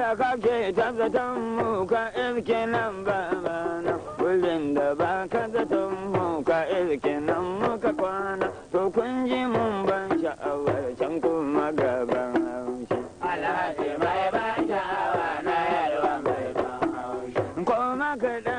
da kake tabbatan mu ka irke nan ba mana wurin da ba ka zaton mu ka irke nan muka kwana to kun ji mun ban sha'awar can kuma gaban haushi. Alhaji mai ban sha'awa na yalwa mai ban haushi.